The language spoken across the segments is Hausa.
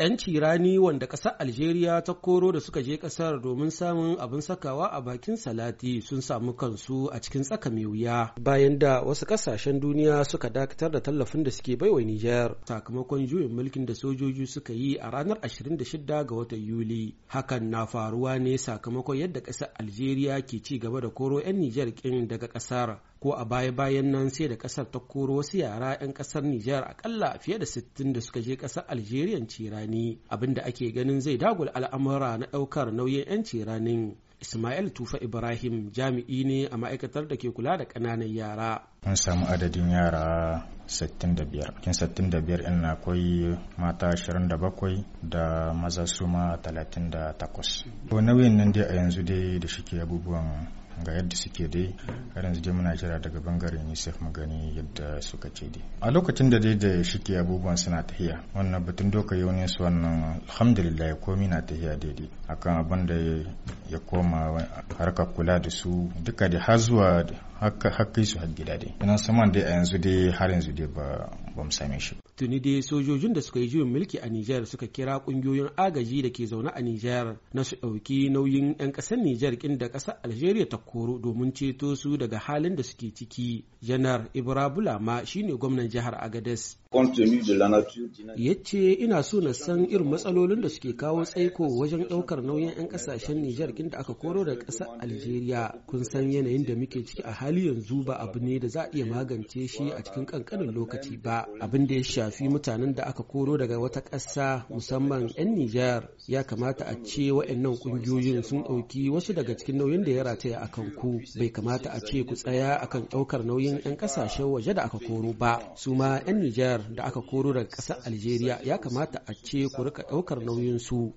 'yanci rani wanda ƙasar Algeria ta koro da suka je ƙasar domin samun abin sakawa a bakin salati sun samu kansu a cikin tsaka mai wuya bayan da wasu ƙasashen duniya suka dakatar da tallafin da suke baiwa Nijar sakamakon juyin mulkin da sojoji suka yi a ranar 26 ga watan Yuli. Hakan na faruwa ne sakamakon yadda ƙasar Algeria ke ci gaba da koro 'yan Nijar ƙin daga ƙasar ko a baya-bayan nan sai da kasar ta koro wasu yara 'yan kasar Nijar akalla fiye da 60 da suka je kasar Algeria cirani abinda ake ganin zai dagula al'amura na daukar nauyin 'yan ciranin Ismail Tufa Ibrahim jami'i ne a ma'aikatar da ke kula da ƙananan yara. Mun samu adadin yara 65. Kin 65 ɗin na akwai mata 27 da maza su ma 38. Nauyin nan dai a yanzu dai da shike abubuwan ga yadda suke dai a yanzu dai muna jira daga bangaren unicef mu gani yadda suka ce dai a lokacin da dai da shike abubuwan suna tahiya wannan batun doka ne su wannan alhamdulillah komi na tahiya daidai akan abin ya koma harkar kula da su duka da har zuwa haka su har gida dai ina saman dai a yanzu dai har yanzu dai ba ba mu same shi tuni dai sojojin da suka yi juyin mulki a Nijar suka kira kungiyoyin agaji da ke zaune a Nijar na su ɗauki nauyin 'yan kasar Nijar kin da ƙasar Algeria ta koro domin ceto su daga halin da suke ciki janar Ibra Bulama shine gwamnan jihar Agadez yace ina so na san irin matsalolin da suke kawo tsaiko wajen ɗaukar nauyin 'yan ƙasashen Nijar kin da aka koro da kasar Algeria kun san yanayin da muke ciki a hali yanzu ba abu ne da za a iya magance shi a cikin kankanin lokaci ba abin da ya shafi mutanen da aka koro daga wata ƙasa musamman 'yan Nijar ya kamata a ce waɗannan ƙungiyoyin sun ɗauki wasu daga cikin nauyin da ya rataya a kan ku bai kamata a ce ku tsaya akan ɗaukar nauyin 'yan ƙasashen waje da aka koro ba su ma 'yan Nijar da aka koro daga ƙasar Algeria ya kamata a ce ku rika ɗaukar nauyin su.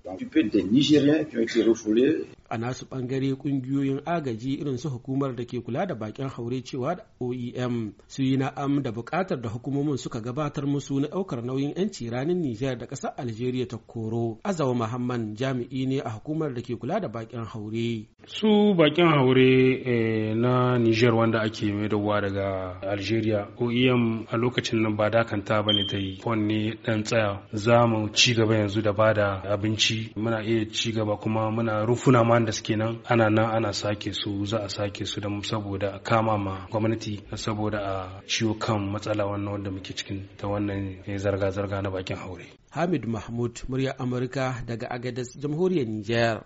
a nasu bangare kungiyoyin agaji irin su hukumar da ke kula da bakin haure cewa da oem su yi na'am da bukatar da hukumomin suka gabatar musu na daukar nauyin yanci ranar nijar da kasar algeria ta koro azawa muhammad jami'i ne a hukumar da ke kula da bakin haure su bakin haure eh, na niger wanda ake maidowa daga algeria oem a lokacin nan ba dakanta ba ne ta yi ne dan tsaya za mu ci gaba yanzu da ba da abinci muna iya ci gaba kuma muna rufuna ma da suke nan ana nan ana sake su za a sake su da saboda a kama ma gwamnati saboda a ciwo kan matsala wannan wanda muke cikin ta wannan eh, zarga-zarga na bakin haure hamid mahmud murya amurka daga agadas jamhuriyar niger